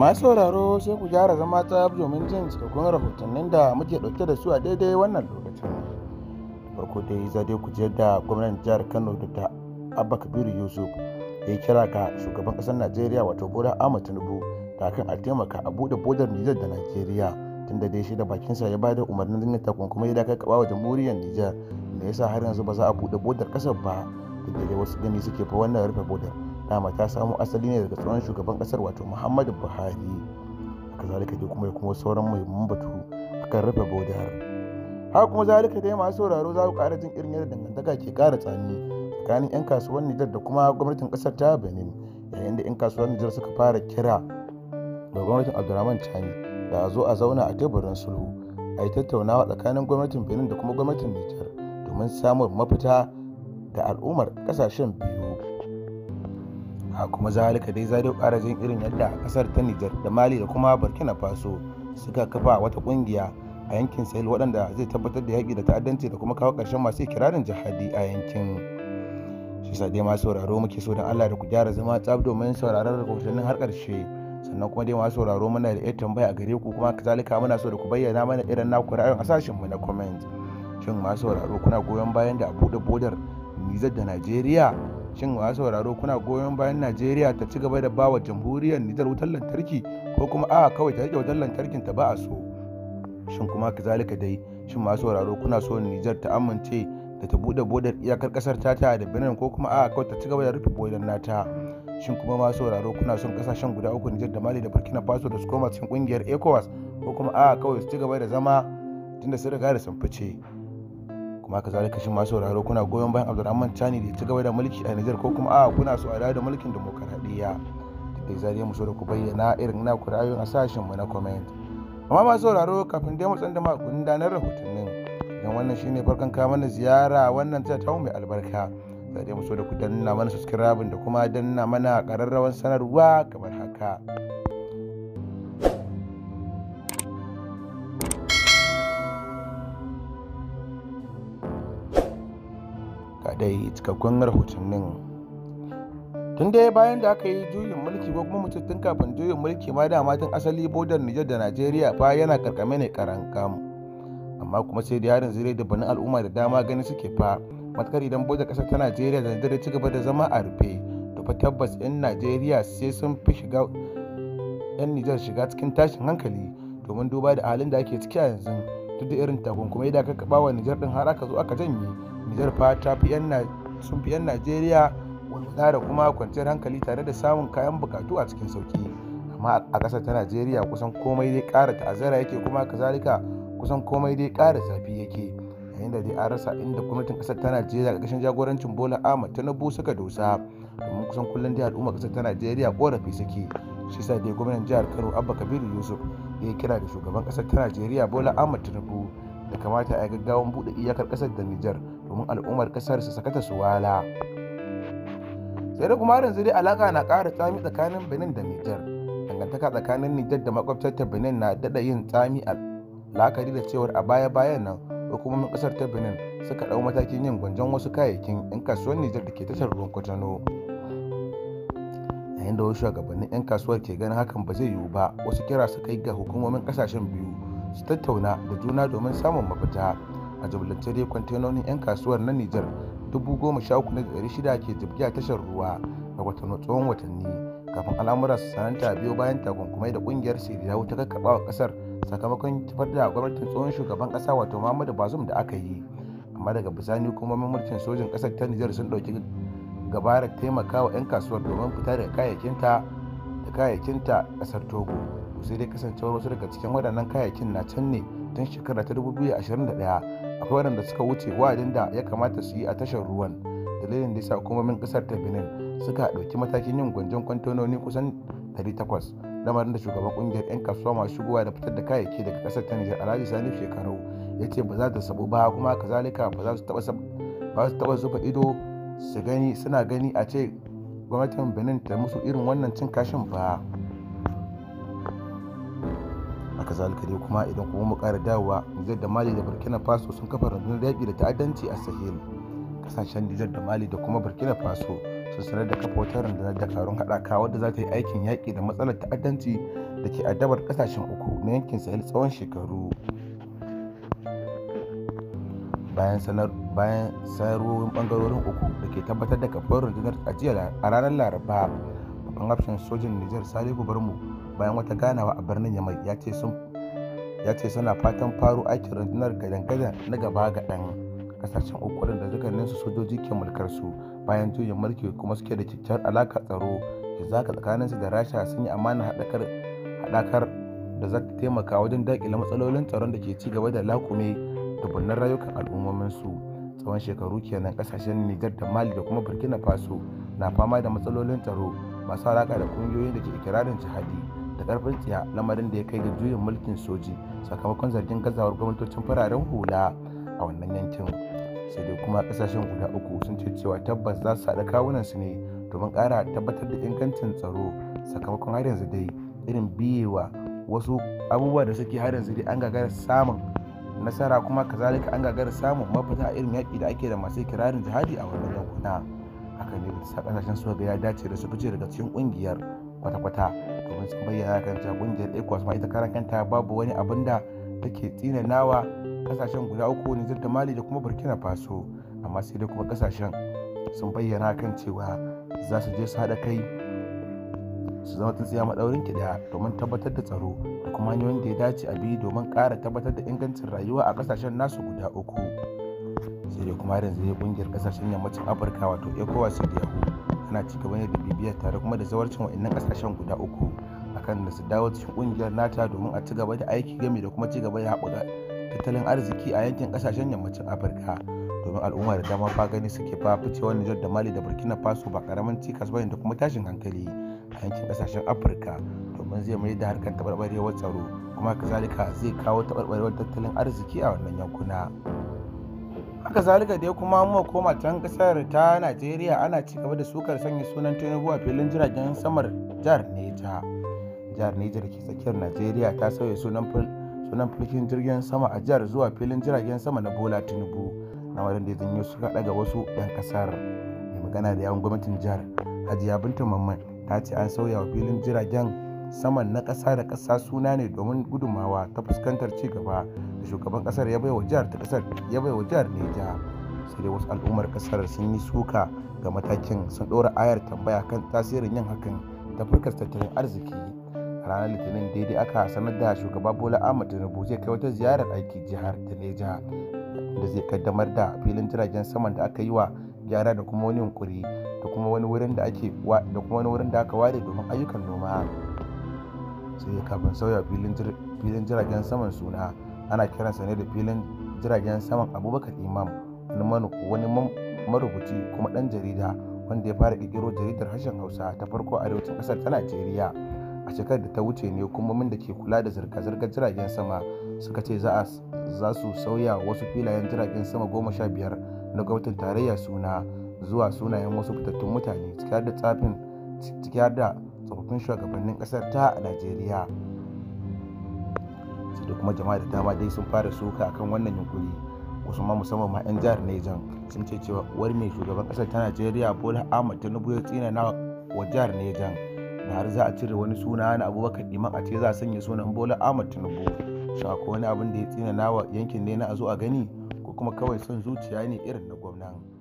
masu sauraro sai ku gyara zama ta domin jin cikakkun rahotannin da muke ɗauke da su a daidai wannan lokacin farko dai za dai ku da gwamnan jihar kano da ta abba kabiru yusuf ya kira ka shugaban kasar najeriya wato bola ahmad tinubu da kan a taimaka a buɗe bodar nijar da najeriya tun da dai shi da bakinsa ya bada umarnin takun kuma ya dakar kaba wa jamhuriyar nijar da yasa har yanzu ba za a buɗe bodar ƙasar ba duk da dai wasu gani suke fa wannan rufe bodar nama ta samo asali ne daga tsohon shugaban kasar wato muhammadu buhari haka zalika dai kuma kuma sauran muhimman batu akan rufe bodar haka kuma zalika dai masu sauraro za ku ƙara jin irin yadda dangantaka ke kara tsani tsakanin 'yan kasuwar nijar da kuma gwamnatin kasar ta benin yayin da 'yan kasuwar nijar suka fara kira da gwamnatin abdulrahman chani da a zo a zauna a teburin sulhu a yi tattaunawa tsakanin gwamnatin benin da kuma gwamnatin nijar domin samun mafita ga al'ummar kasashen biyu a kuma zalika dai zai kara jin irin yadda kasar ta Nijar da Mali da kuma Burkina Faso suka kafa wata kungiya a yankin Sahel waɗanda zai tabbatar da yaƙi da ta'addanci da kuma kawo ƙarshen masu kirarin jihadi a yankin shi sa dai masu sauraro muke so don Allah da ku gyara zama tsab domin sauraron rahotannin har ƙarshe sannan kuma dai masu sauraro muna da 'yar tambaya a gare ku kuma kazalika muna so da ku bayyana mana irin naku ra'ayin a mu na comment shin masu sauraro kuna goyon bayan da a buɗe bodar Nijar da Najeriya shin masu sauraro kuna goyon bayan najeriya ta ci gaba da bawa jamhuriyar nijar wutar lantarki ko kuma a kawai ta rike wutar lantarkin ta ba a so shin kuma zalika dai shin masu sauraro kuna so nijar ta amince da ta bude bodar iyakar kasar ta ta da benin ko kuma a kawai ta ci gaba da rufe bodar nata shin kuma masu sauraro kuna son kasashen guda uku nijar da mali da burkina faso da su koma cikin kungiyar ecowas ko kuma a kawai su ci gaba da zama tunda sun riga da sun fice kuma ka zalika shi masu sauraro kuna goyon bayan abdulrahman cani da ci gaba da mulki a nijar ko kuma a kuna so a dawo da mulkin demokaradiyya da zariya mu so da ku bayyana irin na ku rayu a sashen mu na comment amma masu sauraro kafin dai mu tsanda ma gundanar rahotannin idan wannan shine farkon kama mana ziyara wannan ta tawo mai albarka za dai mu so da ku danna mana subscribe da kuma danna mana kararrawan sanarwa kamar haka kaɗai cikakkun rahotannin tun dai bayan da aka yi juyin mulki ko kuma mutum tun kafin juyin mulki ma da matan asali bodar nijar da najeriya fa yana karkame ne karan kam amma kuma sai da yarin zirai da banin al'umma da dama gani suke fa matakar idan bodar kasar ta najeriya da nijar ci gaba da zama a rufe to fa tabbas 'yan najeriya sai sun fi shiga 'yan nijar shiga cikin tashin hankali domin duba da halin da ake ciki a yanzu duk da irin takunkumai da aka kaba wa Nijar din har aka zo aka janye Nijar fa ta fi yan sun fi yan Najeriya walwala da kuma kwanciyar hankali tare da samun kayan bukatu a cikin sauki amma a ƙasar ta Najeriya kusan komai dai ƙara ta'azzara yake kuma kazalika kusan komai dai ƙara zafi yake yayin da dai an rasa inda gwamnatin ƙasar ta Najeriya ƙarƙashin jagorancin Bola Ahmed Tinubu suka dosa domin kusan kullum dai al'umma ƙasar ta Najeriya korafi suke shi sa dai gwamnan jihar Kano Abba Kabiru Yusuf ya kira da shugaban kasar ta najeriya bola ahmad tinubu da kamata a gaggawan bude iyakar kasar da nijar domin al'ummar kasar su sakata su wala sai da kuma yanzu dai alaka na kara tsami tsakanin benin da nijar dangantaka tsakanin nijar da makwabtar ta benin na dada yin tsami a lakari da cewar a baya bayan nan hukumomin kasar ta benin suka dau matakin yin gwanjon wasu kayayyakin 'yan kasuwar nijar da ke tashar ruwan kwatano inda wasu shugabannin 'yan kasuwar ke ganin hakan ba zai yiwu ba wasu kira su kai ga hukumomin kasashen biyu su tattauna da juna domin samun mafita a jubilance dai kwantenonin 'yan kasuwar na nijar dubu goma sha uku da shida ke jibgiya tashar ruwa da watanni tsohon watanni kafin al'amura su sananta biyu bayan takunkumai da kungiyar siriya ta kakkaɓa wa kasar sakamakon tafar da gwamnatin tsohon shugaban kasa wato muhammadu bazum da aka yi amma daga bisani hukumomin mulkin sojin kasar ta nijar sun ɗauki gabara taimaka wa 'yan kasuwar domin fita daga kayayyakinta da kayayyakinta kasar togo sai dai kasancewar wasu daga cikin waɗannan kayayyakin na can ne tun shekara ta 2021 akwai waɗanda suka wuce wa'adin da ya kamata su yi a tashar ruwan dalilin da ya sa hukumomin kasar ta benin suka ɗauki matakin yin gwanjon kwantononi kusan 800 lamarin da shugaban kungiyar 'yan kasuwa masu shigowa da fitar da kayayyaki daga kasar ta nijar alhaji sani shekaru ya ce ba za ta sabu ba kuma kazalika ba za su taɓa zuba ido su gani suna gani a ce gwamnatin benin ta musu irin wannan cin kashin ba haka zalika kuma idan kuma mu kara dawowa nijar da mali da burkina faso sun kafa rundunar yaƙi da ta'addanci a sahel kasashen nijar da mali da kuma burkina faso sun sanar da kafa wata rundunar dakarun haɗaka wadda za ta yi aikin yaƙi da matsalar ta'addanci da ke addabar kasashen uku na yankin sahel tsawon shekaru bayan sanarwowin bangarorin uku da ke tabbatar da kafin rundunar ajiyar a ranar laraba babban hafshin sojin nijar salihu gubarmu bayan wata ganawa a birnin yamai ya ce suna fatan faro aikin rundunar gadan-gadan na gaba ga ɗan kasashen uku da dukkaninsu sojoji ke mulkar su bayan juyin mulki kuma suke da kyakkyawar alaka tsaro yanzu tsakanin tsakaninsu da rasha sun yi amana haɗakar da za ta taimaka wajen daƙile matsalolin tsaron da ke ci gaba da lakume dubunnan rayukan su tsawon shekaru kenan kasashen nijar da mali da kuma burkina faso na fama da matsalolin tsaro masu alaƙa da ƙungiyoyin da ke ikirarin jihadi da ƙarfin tsiya lamarin da ya kai ga juyin mulkin soji sakamakon zargin gazawar gwamnatocin fararen hula a wannan yankin sai dai kuma kasashen guda uku sun ce cewa tabbas za su haɗa kawunansu ne domin ƙara tabbatar da ingancin tsaro sakamakon har yanzu dai irin biyewa wasu abubuwa da suke har yanzu dai an gagara samun nasara kuma kazalika an gagara samun mafita a irin yaƙi da ake da masu kirarin jihadi a wannan yankuna haka ne bisa kasashen su ya dace da su fice daga cikin ƙungiyar kwata-kwata domin sun bayyana kan cewa ƙungiyar ecowas ma ita karan kanta babu wani abin da take tsinanawa ƙasashen guda uku ne da mali da kuma burkina faso amma sai dai kuma kasashen sun bayyana kan cewa za su je su haɗa kai su zama tsintsiya maɗaurin ki ɗaya domin tabbatar da tsaro da kuma hanyoyin da ya dace a bi domin ƙara tabbatar da ingancin rayuwa a ƙasashen nasu guda uku sai dai kuma yanzu ya ƙungiyar ƙasashen yammacin afirka wato ecowas da yahu ana ci gaba ne da bibiyar tare kuma da zawarcin wa'annan ƙasashen guda uku akan da su dawo cikin ƙungiyar nata domin a ci gaba da aiki game da kuma ci gaba da haɓaka tattalin arziki a yankin ƙasashen yammacin afirka domin al'umma da dama fa gani suke fa ficewar nijar da mali da burkina faso ba karamin cikas bane da kuma tashin hankali a yankin kasashen afirka domin zai mai da harkar tabarbarewar tsaro kuma kazalika zai kawo tabarbarewar tattalin arziki a wannan yankuna haka zalika dai kuma mu koma can kasar ta najeriya ana ci gaba da sukar sanya sunan tinubu a filin jiragen samar jihar neja jihar neja da ke tsakiyar najeriya ta sauya sunan filin jirgin sama a jihar zuwa filin jiragen sama na bola tinubu na wadanda ya janyo suka daga wasu 'yan kasar mai magana da yawon gwamnatin jihar hajiya binta mamman ta ce an sauya wa filin jiragen saman na ƙasa da ƙasa suna ne domin gudummawa ta fuskantar ci gaba da shugaban ƙasar ya baiwa jihar ta ƙasar ya baiwa jihar Neja sai dai wasu al'ummar ƙasar sun yi suka ga matakin sun ɗora ayar tambaya kan tasirin yin hakan ta fuskar tattalin arziki a ranar litinin daidai aka sanar da shugaba bola ahmad tinubu zai kai wata ziyarar aiki jihar ta neja da zai kaddamar da filin jiragen saman da aka yi wa gyara da kuma wani yunkuri da kuma wani wurin da ake da kuma wani wurin da aka ware domin ayyukan noma sai kafin sauya filin jiragen saman suna ana kiransa ne da filin jiragen saman abubakar imam wani marubuci kuma dan jarida wanda ya fara ƙirƙiro jaridar harshen hausa ta farko a arewacin kasar ta najeriya a shekarar da ta wuce ne hukumomin da ke kula da zirga-zirgar jiragen sama suka ce za su sauya wasu filayen jiragen sama goma sha biyar na gwamnatin tarayya suna zuwa sunayen wasu fitattun mutane ciki har da tsofaffin shugabannin kasar ta najeriya da kuma jama'a da dama dai sun fara suka akan wannan yunkuri wasu ma musamman ma 'yan jihar Niger sun ce cewa wani mai shugaban kasar ta Najeriya Bola Ahmed Tinubu ya tsina na wa jihar neja da har za a cire wani suna na Abubakar iman a ce za a sanya sunan Bola Ahmed Tinubu shi akwai wani abin da ya tsina nawa yankin ne na a zo a gani ko kuma kawai son zuciya ne irin na gwamnan